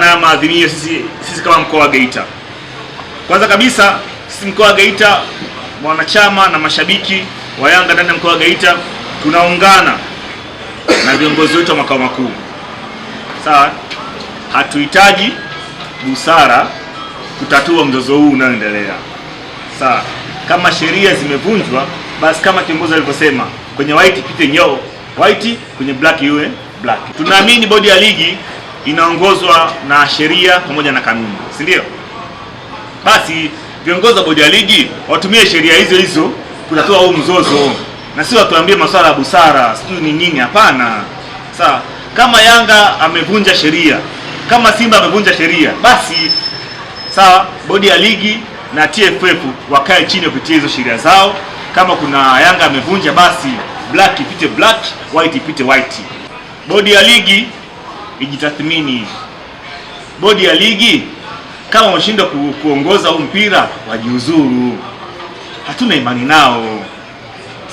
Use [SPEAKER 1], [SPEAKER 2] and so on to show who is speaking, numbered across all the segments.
[SPEAKER 1] na haya maadhimisho sisi, sisi kama mkoa wa Geita. Kwanza kabisa sisi mkoa wa Geita, wanachama na mashabiki wa Yanga ndani ya mkoa wa Geita tunaungana na viongozi wetu wa makao makuu. Sawa, hatuhitaji busara kutatua mzozo huu unaoendelea. Sawa, kama sheria zimevunjwa, basi kama kiongozi alivyosema, kwenye white pite nyoo white, kwenye black iwe black. Tunaamini bodi ya ligi inaongozwa na sheria pamoja na kanuni, si ndio? Basi viongozi wa bodi ya ligi watumie sheria hizo hizo kutatua huu mzozo, na si watuambie masuala ya busara sijui ni nini. Hapana. Sawa, kama Yanga amevunja sheria, kama Simba amevunja sheria, basi sawa, bodi ya ligi na TFF wakae chini wapitie hizo sheria zao. Kama kuna Yanga amevunja, basi black ipite black, white ipite white. Bodi ya ligi ijitathmini bodi ya ligi. Kama wameshindwa ku, kuongoza huu mpira wajiuzuru, hatuna imani nao.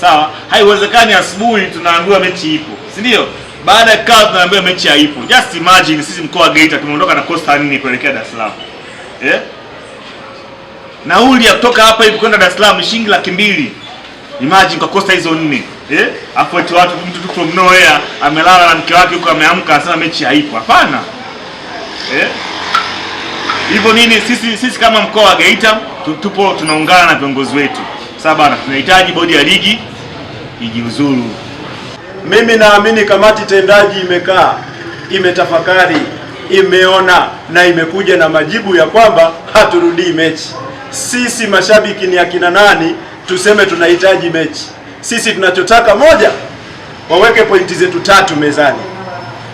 [SPEAKER 1] Sawa, haiwezekani asubuhi tunaambiwa mechi ipo, si ndio? Baada ya kaa tunaambiwa mechi haipo. Just imagine sisi mkoa wa Geita tumeondoka na kosta nne kuelekea Dar es Salaam eh? Nauli ya kutoka hapa hivi kwenda Dar es Salaam shilingi laki mbili. Imagine kwa kosta hizo nne eh, afu eti watu mtu tu from nowhere amelala na mke wake huko, ameamka anasema mechi haipo. Hapana, eh hivyo nini. Sisi sisi kama mkoa wa Geita tupo tunaungana na viongozi wetu saba, tunahitaji bodi ya ligi ijiuzuru.
[SPEAKER 2] Mimi naamini kamati tendaji imekaa, imetafakari, imeona na imekuja na majibu ya kwamba haturudii mechi. Sisi mashabiki ni akina nani tuseme tunahitaji mechi? Sisi tunachotaka moja, waweke pointi zetu tatu mezani.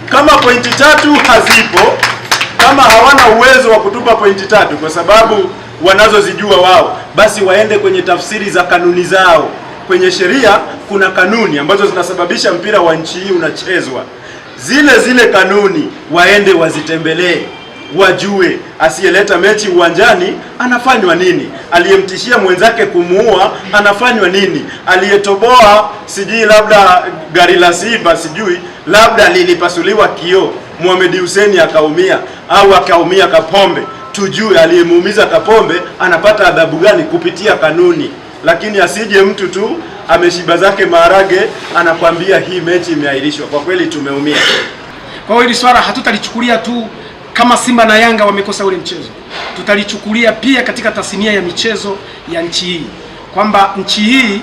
[SPEAKER 2] Kama pointi tatu hazipo, kama hawana uwezo wa kutupa pointi tatu kwa sababu wanazozijua wao, basi waende kwenye tafsiri za kanuni zao. Kwenye sheria kuna kanuni ambazo zinasababisha mpira wa nchi hii unachezwa, zile zile kanuni waende wazitembelee wajue asiyeleta mechi uwanjani anafanywa nini, aliyemtishia mwenzake kumuua anafanywa nini, aliyetoboa sijui labda gari la Simba sijui labda lilipasuliwa kioo, Mohamed Hussein akaumia au akaumia Kapombe, tujue aliyemuumiza Kapombe anapata adhabu gani kupitia kanuni, lakini asije mtu tu ameshiba zake maharage anakwambia hii mechi imeahirishwa. Kwa kweli tumeumia.
[SPEAKER 3] Kwa hiyo hili swala hatutalichukulia tu kama Simba na Yanga wamekosa ule mchezo, tutalichukulia pia katika tasnia ya michezo ya nchi hii, kwamba nchi hii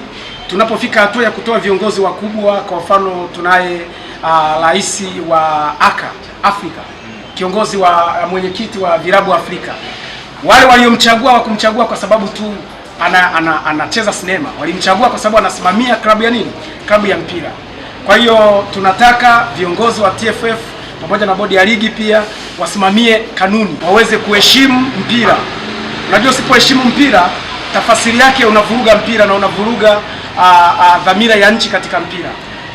[SPEAKER 3] tunapofika hatua ya kutoa viongozi wakubwa, kwa mfano tunaye ah, rais uh, wa aka Afrika, kiongozi wa mwenyekiti wa virabu Afrika, wale waliomchagua wakumchagua kwa sababu tu ana, ana, anacheza sinema, walimchagua kwa sababu anasimamia klabu ya nini, klabu ya mpira. Kwa hiyo tunataka viongozi wa TFF pamoja na bodi ya ligi pia wasimamie kanuni, waweze kuheshimu mpira. Unajua, usipoheshimu mpira, tafasiri yake unavuruga mpira na unavuruga ah, ah, dhamira ya nchi katika mpira.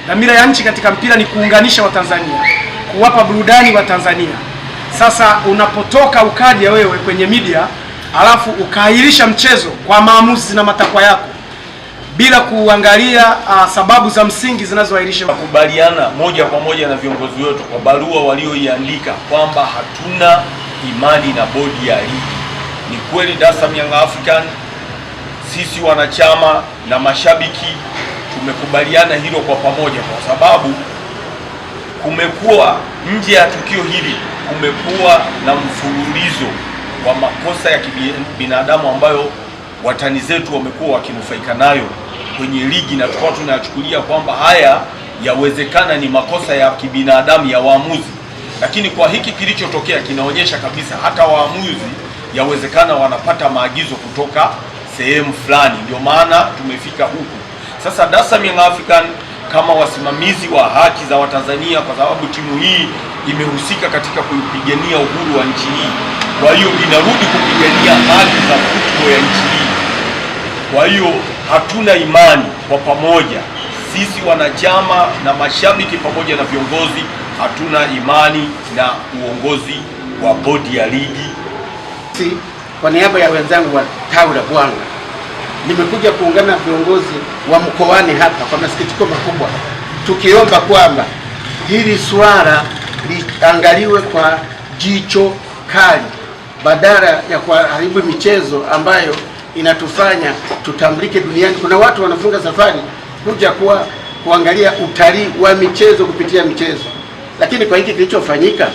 [SPEAKER 3] Dhamira ya nchi katika mpira ni kuunganisha Watanzania, kuwapa burudani Watanzania. Sasa unapotoka ukaja wewe kwenye media alafu ukaahirisha mchezo kwa maamuzi na matakwa yako bila kuangalia uh, sababu za msingi zinazoahirisha.
[SPEAKER 4] Kukubaliana moja kwa moja na viongozi wetu kwa barua walioiandika kwamba hatuna imani na bodi ya ligi. Ni kweli Dar es Salaam Young African, sisi wanachama na mashabiki tumekubaliana hilo kwa pamoja, kwa sababu kumekuwa nje ya tukio hili kumekuwa na mfululizo wa makosa ya kibinadamu ambayo watani zetu wamekuwa wakinufaika nayo kwenye ligi na tukawa tunayachukulia kwamba haya yawezekana ni makosa ya kibinadamu ya waamuzi, lakini kwa hiki kilichotokea kinaonyesha kabisa hata waamuzi yawezekana wanapata maagizo kutoka sehemu fulani, ndio maana tumefika huku sasa. Dasam Young African kama wasimamizi wa haki za Watanzania, kwa sababu timu hii imehusika katika kuipigania uhuru wa nchi hii, kwa hiyo inarudi kupigania haki za football ya nchi hii, kwa hiyo hatuna imani kwa pamoja, sisi wanachama na mashabiki pamoja na viongozi, hatuna imani na uongozi wa bodi ya ligi.
[SPEAKER 2] Si, kwa niaba ya wenzangu wa tawi la Bwanga nimekuja kuungana na viongozi wa mkoani hapa kwa masikitiko makubwa, tukiomba kwamba hili swala liangaliwe kwa jicho kali badala ya kuharibu michezo ambayo inatufanya tutambulike duniani. Kuna watu wanafunga safari kuja kuwa kuangalia utalii wa michezo kupitia michezo, lakini kwa hiki kilichofanyika,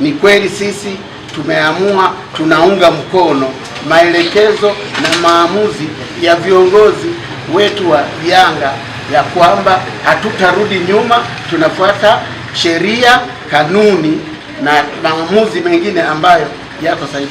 [SPEAKER 2] ni kweli sisi tumeamua tunaunga mkono maelekezo na maamuzi ya viongozi wetu wa Yanga ya kwamba hatutarudi nyuma, tunafuata sheria, kanuni na maamuzi mengine ambayo yako sasa.